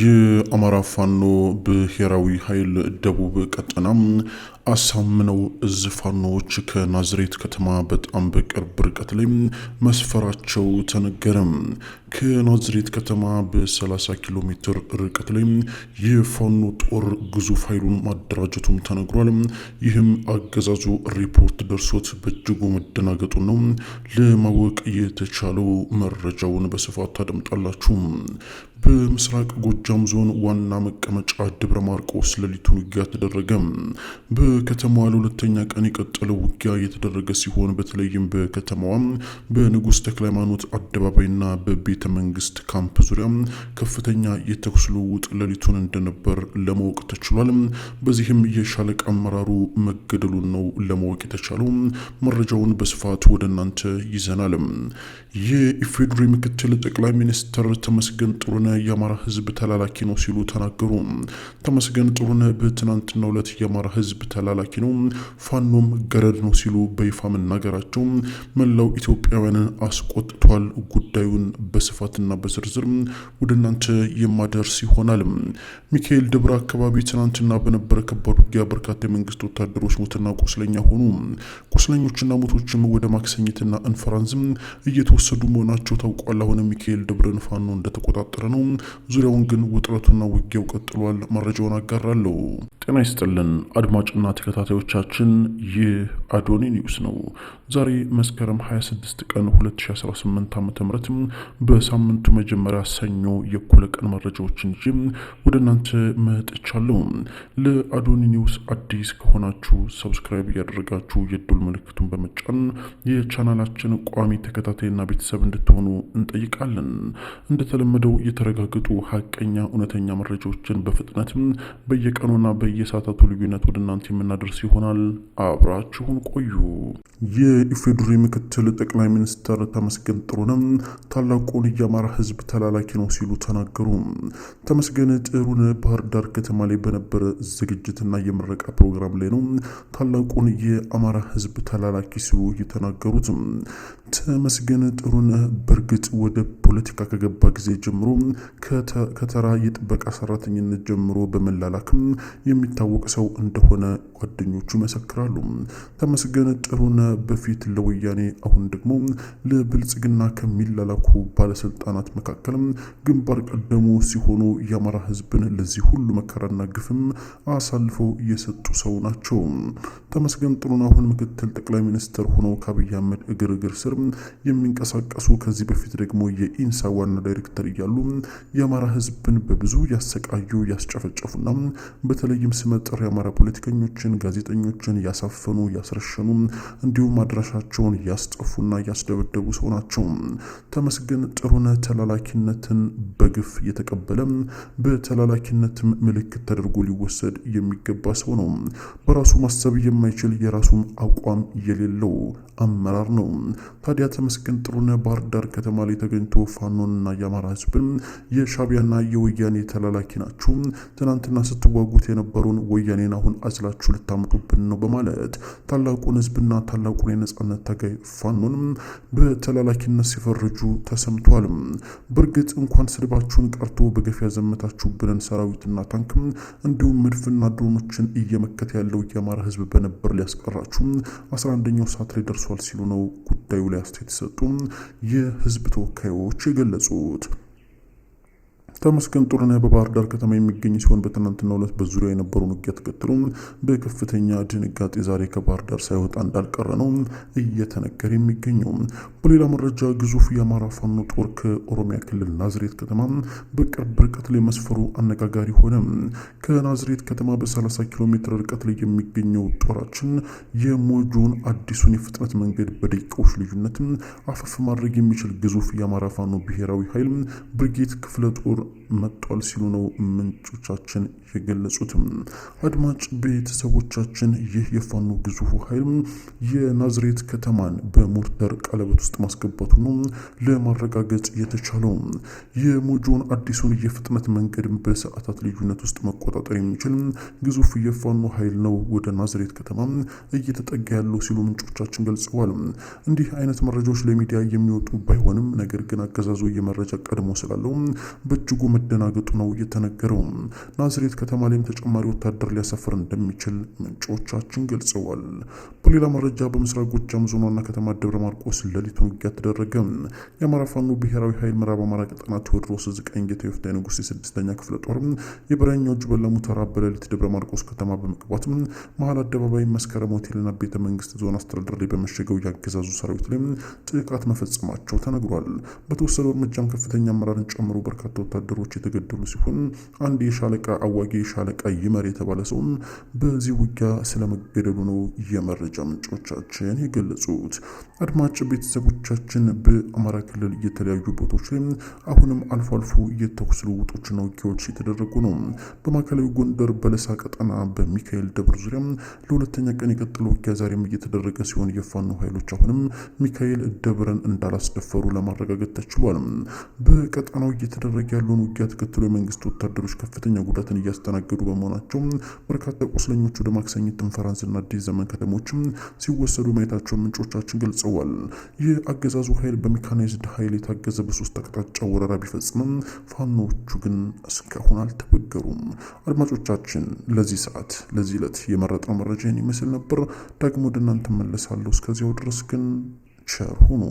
የአማራ ፋኖ ብሔራዊ ኃይል ደቡብ ቀጠና አሳምነው እዝ ፋኖዎች ከናዝሬት ከተማ በጣም በቅርብ ርቀት ላይ መስፈራቸው ተነገረም። ከናዝሬት ከተማ በ30 ኪሎ ሜትር ርቀት ላይ የፋኖ ጦር ግዙፍ ኃይሉን ማደራጀቱም ተነግሯል። ይህም አገዛዙ ሪፖርት ደርሶት በእጅጉ መደናገጡን ነው ለማወቅ የተቻለው። መረጃውን በስፋት ታደምጣላችሁ። በምስራቅ ጎጃም ዞን ዋና መቀመጫ ደብረ ማርቆስ ሌሊቱን ውጊያ ተደረገ። በከተማዋ ለሁለተኛ ቀን የቀጠለው ውጊያ የተደረገ ሲሆን በተለይም በከተማዋ በንጉሥ ተክለ ሃይማኖት አደባባይና በቤተ መንግስት ካምፕ ዙሪያ ከፍተኛ የተኩስ ልውውጥ ሌሊቱን እንደነበር ለማወቅ ተችሏል። በዚህም የሻለቃ አመራሩ መገደሉን ነው ለማወቅ የተቻለው። መረጃውን በስፋት ወደ እናንተ ይዘናል። የኢፌዴሪ ምክትል ጠቅላይ ሚኒስትር ተመስገን ጥሩነ የአማራ ህዝብ ተላላኪ ነው ሲሉ ተናገሩ። ተመስገን ጥሩነ በትናንትናው ዕለት የአማራ ህዝብ ተላላኪ ነው፣ ፋኖም ገረድ ነው ሲሉ በይፋ መናገራቸው መላው ኢትዮጵያውያንን አስቆጥቷል። ጉዳዩን በስፋትና በዝርዝር ወደ እናንተ የማደርስ ይሆናል። ሚካኤል ደብረ አካባቢ ትናንትና በነበረ ከባድ ውጊያ በርካታ የመንግስት ወታደሮች ሞትና ቁስለኛ ሆኑ። ቁስለኞችና ሞቶችም ወደ ማክሰኝትና እንፈራንዝም እየተወሰዱ መሆናቸው ታውቋል። አሁን ሚካኤል ደብረን ፋኖ እንደተቆጣጠረ ነው ነው። ዙሪያውን ግን ውጥረቱና ውጊያው ቀጥሏል። መረጃውን አጋራለሁ። ጤና ይስጥልን አድማጭና ተከታታዮቻችን፣ ይህ አዶኒ ኒውስ ነው። ዛሬ መስከረም 26 ቀን 2018 ዓ ም በሳምንቱ መጀመሪያ ሰኞ የእኩለ ቀን መረጃዎችን ይዤ ወደ እናንተ መጥቻለሁ። ለአዶኒ ኒውስ አዲስ ከሆናችሁ ሰብስክራይብ እያደረጋችሁ የዶል ምልክቱን በመጫን የቻናላችን ቋሚ ተከታታይና ቤተሰብ እንድትሆኑ እንጠይቃለን። እንደተለመደው የተረጋገጡ ሀቀኛ እውነተኛ መረጃዎችን በፍጥነት በየቀኑና በየ በየሰዓታቱ ልዩነት ወደ እናንተ የምናደርስ ይሆናል። አብራችሁን ቆዩ። የኢፌዴሪ ምክትል ጠቅላይ ሚኒስትር ተመስገን ጥሩነህ ታላቁን የአማራ ሕዝብ ተላላኪ ነው ሲሉ ተናገሩ። ተመስገን ጥሩነህ ባህር ዳር ከተማ ላይ በነበረ ዝግጅትና የምረቃ ፕሮግራም ላይ ነው ታላቁን የአማራ ሕዝብ ተላላኪ ሲሉ የተናገሩት። ተመስገን ጥሩነህ በእርግጥ ወደ ፖለቲካ ከገባ ጊዜ ጀምሮ ከተራ የጥበቃ ሰራተኝነት ጀምሮ በመላላክም የሚታወቅ ሰው እንደሆነ ጓደኞቹ ይመሰክራሉ። ተመስገን ጥሩነ በፊት ለወያኔ አሁን ደግሞ ለብልጽግና ከሚላላኩ ባለስልጣናት መካከል ግንባር ቀደሙ ሲሆኑ የአማራ ህዝብን ለዚህ ሁሉ መከራና ግፍም አሳልፈው እየሰጡ ሰው ናቸው። ተመስገን ጥሩነ አሁን ምክትል ጠቅላይ ሚኒስትር ሆነው ከአብይ አህመድ እግር እግር ስር የሚንቀሳቀሱ ከዚህ በፊት ደግሞ ኢንሳ ዋና ዳይሬክተር እያሉ የአማራ ህዝብን በብዙ ያሰቃዩ ያስጨፈጨፉና በተለይም ስመጥር የአማራ ፖለቲከኞችን፣ ጋዜጠኞችን ያሳፈኑ ያስረሸኑ እንዲሁም አድራሻቸውን ያስጠፉና ያስደበደቡ ሰው ናቸው። ተመስገን ጥሩነ ተላላኪነትን በግፍ የተቀበለ በተላላኪነት ምልክት ተደርጎ ሊወሰድ የሚገባ ሰው ነው። በራሱ ማሰብ የማይችል የራሱም አቋም የሌለው አመራር ነው። ታዲያ ተመስገን ጥሩነ ባህር ዳር ከተማ ላይ ተገኝቶ ፋኖንና የአማራ ህዝብን የሻቢያና የወያኔ ተላላኪ ናችሁ፣ ትናንትና ስትዋጉት የነበሩን ወያኔን አሁን አዝላችሁ ልታምጡብን ነው በማለት ታላቁን ህዝብና ታላቁን የነጻነት ታጋይ ፋኖን በተላላኪነት ሲፈርጁ ተሰምቷል። በእርግጥ እንኳን ስድባችሁን ቀርቶ በገፍ ያዘመታችሁብንን ሰራዊትና ታንክ እንዲሁም መድፍና ድሮኖችን እየመከተ ያለው የአማራ ህዝብ በነበር ሊያስቀራችሁ አስራ አንደኛው ሰዓት ላይ ደርሷል ሲሉ ነው ጉዳዩ ላይ አስተያየት የተሰጡ የህዝብ ተወካዮች የገለጹት። ተመስገን ጥሩነህ በባህር ዳር ከተማ የሚገኝ ሲሆን በትናንትና ዕለት በዙሪያ የነበረውን ውጊያ ተከትሎ በከፍተኛ ድንጋጤ ዛሬ ከባህር ዳር ሳይወጣ እንዳልቀረ ነው እየተነገረ የሚገኘው። በሌላ መረጃ ግዙፍ የአማራ ፋኖ ጦር ከኦሮሚያ ክልል ናዝሬት ከተማ በቅርብ ርቀት ላይ መስፈሩ አነጋጋሪ ሆነ። ከናዝሬት ከተማ በ30 ኪሎ ሜትር ርቀት ላይ የሚገኘው ጦራችን የሞጆን አዲሱን የፍጥነት መንገድ በደቂቃዎች ልዩነት አፈፍ ማድረግ የሚችል ግዙፍ የአማራ ፋኖ ብሔራዊ ኃይል ብርጌት ክፍለ ጦር መጥቷል ሲሉ ነው ምንጮቻችን የገለጹትም። አድማጭ ቤተሰቦቻችን ይህ የፋኖ ግዙፉ ኃይል የናዝሬት ከተማን በሞርተር ቀለበት ውስጥ ማስገባቱ ነው ለማረጋገጥ የተቻለው። የሞጆን አዲሱን የፍጥነት መንገድን በሰዓታት ልዩነት ውስጥ መቆጣጠር የሚችል ግዙፍ የፋኖ ኃይል ነው ወደ ናዝሬት ከተማ እየተጠጋ ያለው ሲሉ ምንጮቻችን ገልጸዋል። እንዲህ አይነት መረጃዎች ለሚዲያ የሚወጡ ባይሆንም ነገር ግን አገዛዙ የመረጃ ቀድሞ ስላለው በእጅጉ በእጅጉ መደናገጡ ነው የተነገረው። ናዝሬት ከተማ ላይም ተጨማሪ ወታደር ሊያሰፍር እንደሚችል ምንጮቻችን ገልጸዋል። በሌላ መረጃ በምስራቅ ጎጃም ዞን ዋና ከተማ ደብረ ማርቆስ ሌሊቱን ውጊያ ተደረገ። የአማራ ፋኖ ብሔራዊ ኃይል ምዕራብ አማራ ቀጠና ቴዎድሮስ ዘጠኝ ጌታ የወፍታ ንጉስ የስድስተኛ ክፍለ ጦር የበረኛዎች በለሙ ተራ በሌሊት ደብረ ማርቆስ ከተማ በመግባት መሀል አደባባይ፣ መስከረም ሆቴልና ቤተ መንግስት ዞን አስተዳደር ላይ በመሸገው ያገዛዙ ሰራዊት ላይ ጥቃት መፈጸማቸው ተነግሯል። በተወሰደው እርምጃም ከፍተኛ አመራርን ጨምሮ በርካታ ወታደ ወታደሮች የተገደሉ ሲሆን አንድ የሻለቃ አዋጊ ሻለቃ ይመር የተባለ ሰውም በዚህ ውጊያ ስለመገደሉ ነው የመረጃ ምንጮቻችን የገለጹት። አድማጭ ቤተሰቦቻችን በአማራ ክልል የተለያዩ ቦታዎች ላይ አሁንም አልፎ አልፎ የተኩስ ልውጦችና ውጊያዎች የተደረጉ ነው። በማዕከላዊ ጎንደር በለሳ ቀጠና በሚካኤል ደብር ዙሪያ ለሁለተኛ ቀን የቀጠለው ውጊያ ዛሬም እየተደረገ ሲሆን የፋኖ ኃይሎች አሁንም ሚካኤል ደብርን እንዳላስደፈሩ ለማረጋገጥ ተችሏል። በቀጠናው እየተደረገ ያለውን የነበረውን ውጊያ ተከትሎ የመንግስት ወታደሮች ከፍተኛ ጉዳትን እያስተናገዱ በመሆናቸው በርካታ ቁስለኞች ወደ ማክሰኝት ትንፈራንስና አዲስ ዘመን ከተሞችም ሲወሰዱ ማየታቸውን ምንጮቻችን ገልጸዋል። ይህ አገዛዙ ኃይል በሜካናይዝድ ኃይል የታገዘ በሶስት አቅጣጫ ወረራ ቢፈጽምም ፋኖቹ ግን እስካሁን አልተበገሩም። አድማጮቻችን ለዚህ ሰዓት ለዚህ ዕለት የመረጥነው መረጃ ይህን ይመስል ነበር። ዳግሞ ወደ እናንተ መለሳለሁ። እስከዚያው ድረስ ግን ቸር ሁኑ።